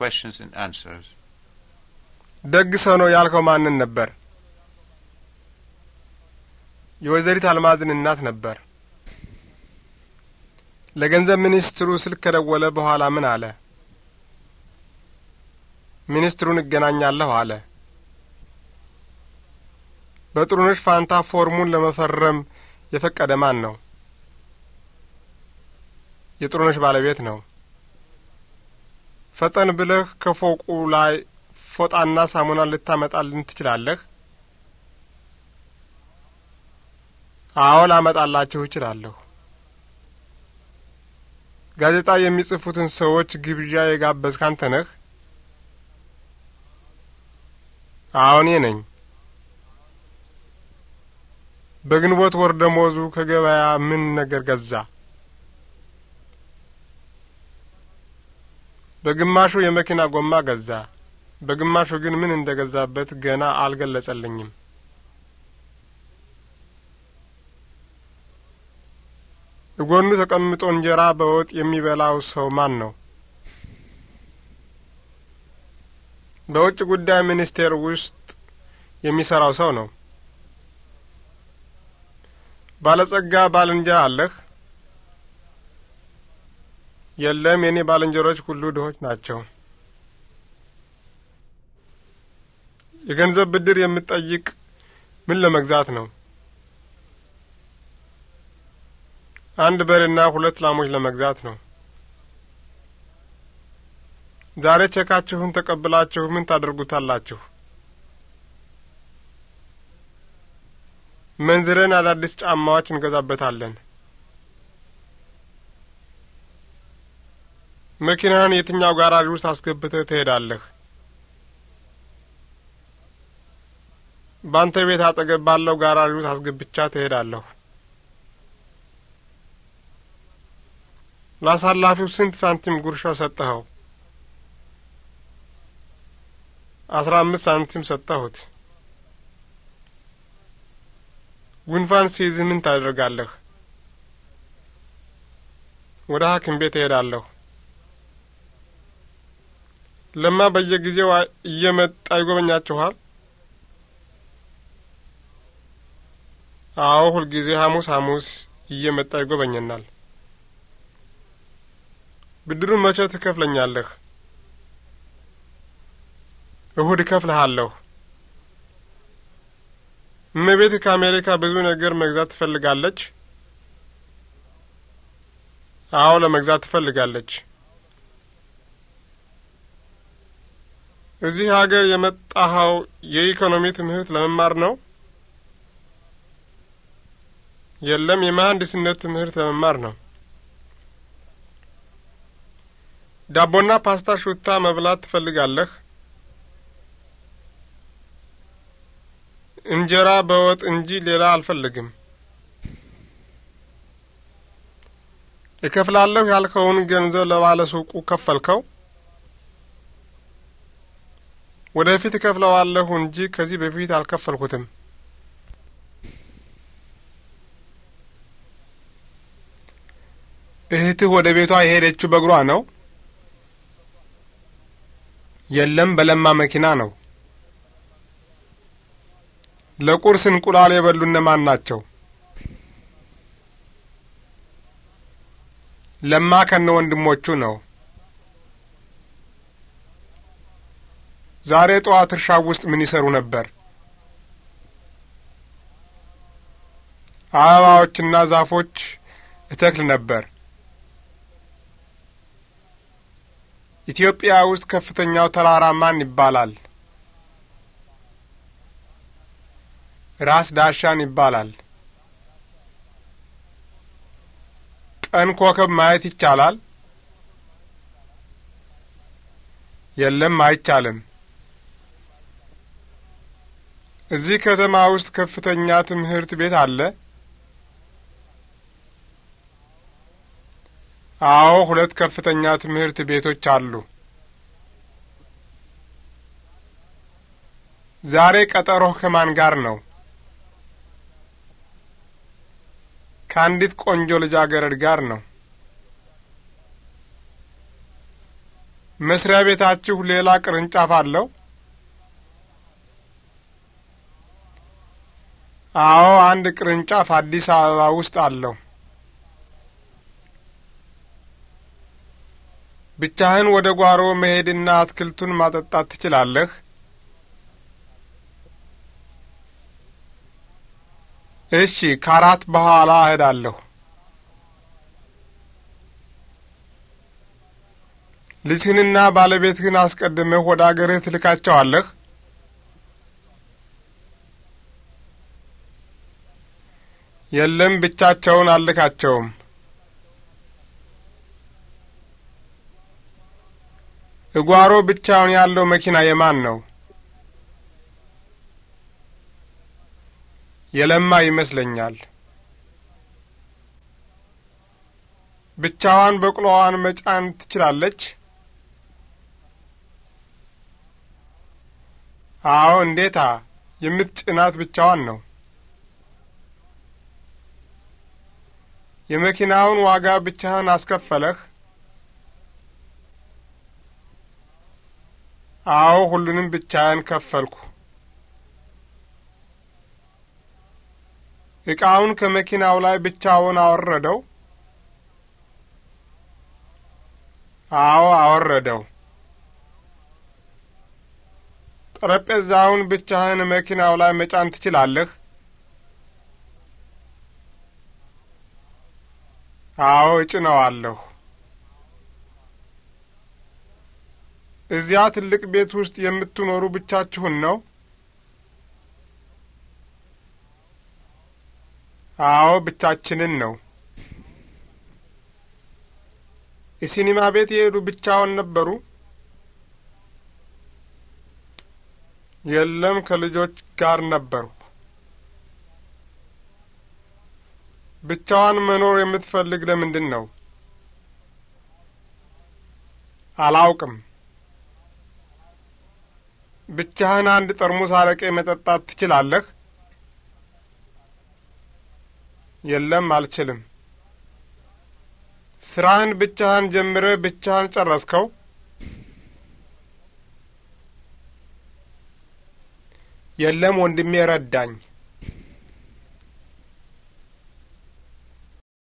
questions and answers. ደግ ሰው ነው ያልከው ማንን ነበር? የወይዘሪት አልማዝን እናት ነበር። ለገንዘብ ሚኒስትሩ ስልክ ከደወለ በኋላ ምን አለ? ሚኒስትሩን እገናኛለሁ አለ። በጥሩነሽ ፋንታ ፎርሙን ለመፈረም የፈቀደ ማን ነው? የጥሩነሽ ባለቤት ነው። ፈጠን ብለህ ከፎቁ ላይ ፎጣና ሳሙና ልታመጣልን ትችላለህ? አዎ ላመጣላችሁ እችላለሁ። ጋዜጣ የሚጽፉትን ሰዎች ግብዣ የጋበዝክ አንተ ነህ? አዎ እኔ ነኝ። በግንቦት ወር ደሞዙ ከገበያ ምን ነገር ገዛ? በግማሹ የመኪና ጎማ ገዛ። በግማሹ ግን ምን እንደ ገዛበት ገና አልገለጸልኝም። እጎኑ ተቀምጦ እንጀራ በወጥ የሚበላው ሰው ማን ነው? በውጭ ጉዳይ ሚኒስቴር ውስጥ የሚሰራው ሰው ነው። ባለጸጋ ባልንጀራ አለህ? የለም፣ የእኔ ባልንጀሮች ሁሉ ድሆች ናቸው። የገንዘብ ብድር የምትጠይቅ ምን ለመግዛት ነው? አንድ በሬና ሁለት ላሞች ለመግዛት ነው። ዛሬ ቼካችሁን ተቀብላችሁ ምን ታደርጉታላችሁ? መንዝረን አዳዲስ ጫማዎች እንገዛበታለን። መኪናህን የትኛው ጋራዥ ውስጥ አስገብተህ ትሄዳለህ? ባንተ ቤት አጠገብ ባለው ጋራዥ ውስጥ አስገብቻ ትሄዳለሁ። ለአሳላፊው ስንት ሳንቲም ጉርሻ ሰጠኸው? አስራ አምስት ሳንቲም ሰጠሁት። ጉንፋን ሲይዝህ ምን ታደርጋለህ? ወደ ሐኪም ቤት እሄዳለሁ። ለማ በየጊዜው እየመጣ ይጎበኛችኋል? አዎ፣ ሁልጊዜ ሐሙስ ሐሙስ እየመጣ ይጎበኘናል። ብድሩን መቼ ትከፍለኛለህ? እሁድ እከፍልሃለሁ። እመቤት ከአሜሪካ ብዙ ነገር መግዛት ትፈልጋለች። አዎ፣ ለመግዛት ትፈልጋለች። እዚህ አገር የመጣኸው የኢኮኖሚ ትምህርት ለመማር ነው? የለም፣ የመሐንዲስነት ትምህርት ለመማር ነው። ዳቦና ፓስታ ሹታ መብላት ትፈልጋለህ? እንጀራ በወጥ እንጂ ሌላ አልፈልግም። እከፍላለሁ ያልከውን ገንዘብ ለባለ ሱቁ ከፈልከው? ወደፊት እከፍለዋለሁ እንጂ ከዚህ በፊት አልከፈልኩትም። እህትህ ወደ ቤቷ የሄደችው በእግሯ ነው? የለም፣ በለማ መኪና ነው። ለቁርስ እንቁላል የበሉ እነማን ናቸው? ለማ ከነ ወንድሞቹ ነው። ዛሬ ጠዋት እርሻ ውስጥ ምን ይሰሩ ነበር? አበባዎችና ዛፎች እተክል ነበር። ኢትዮጵያ ውስጥ ከፍተኛው ተራራ ማን ይባላል? ራስ ዳሻን ይባላል። ቀን ኮከብ ማየት ይቻላል? የለም፣ አይቻልም። እዚህ ከተማ ውስጥ ከፍተኛ ትምህርት ቤት አለ? አዎ፣ ሁለት ከፍተኛ ትምህርት ቤቶች አሉ። ዛሬ ቀጠሮህ ከማን ጋር ነው? ከአንዲት ቆንጆ ልጃገረድ ጋር ነው። መስሪያ ቤታችሁ ሌላ ቅርንጫፍ አለው? አዎ፣ አንድ ቅርንጫፍ አዲስ አበባ ውስጥ አለው። ብቻህን ወደ ጓሮ መሄድና አትክልቱን ማጠጣት ትችላለህ? እሺ፣ ከአራት በኋላ እሄዳለሁ። ልጅህንና ባለቤትህን አስቀድመህ ወደ አገርህ ትልካቸዋለህ? የለም፣ ብቻቸውን አልካቸውም። እጓሮ ብቻውን ያለው መኪና የማን ነው? የለማ ይመስለኛል። ብቻዋን በቅሎዋን መጫን ትችላለች? አዎ፣ እንዴታ! የምትጭናት ብቻዋን ነው። የመኪናውን ዋጋ ብቻህን አስከፈለህ? አዎ፣ ሁሉንም ብቻህን ከፈልኩ። እቃውን ከመኪናው ላይ ብቻውን አወረደው? አዎ፣ አወረደው። ጠረጴዛውን ብቻህን መኪናው ላይ መጫን ትችላለህ? አዎ እጭነዋለሁ። እዚያ ትልቅ ቤት ውስጥ የምትኖሩ ብቻችሁን ነው? አዎ ብቻችንን ነው። የሲኒማ ቤት የሄዱ ብቻውን ነበሩ? የለም፣ ከልጆች ጋር ነበሩ። ብቻዋን መኖር የምትፈልግ ለምንድን ነው? አላውቅም። ብቻህን አንድ ጠርሙስ አረቄ መጠጣት ትችላለህ? የለም፣ አልችልም። ስራህን ብቻህን ጀምረህ ብቻህን ጨረስከው? የለም፣ ወንድሜ ረዳኝ።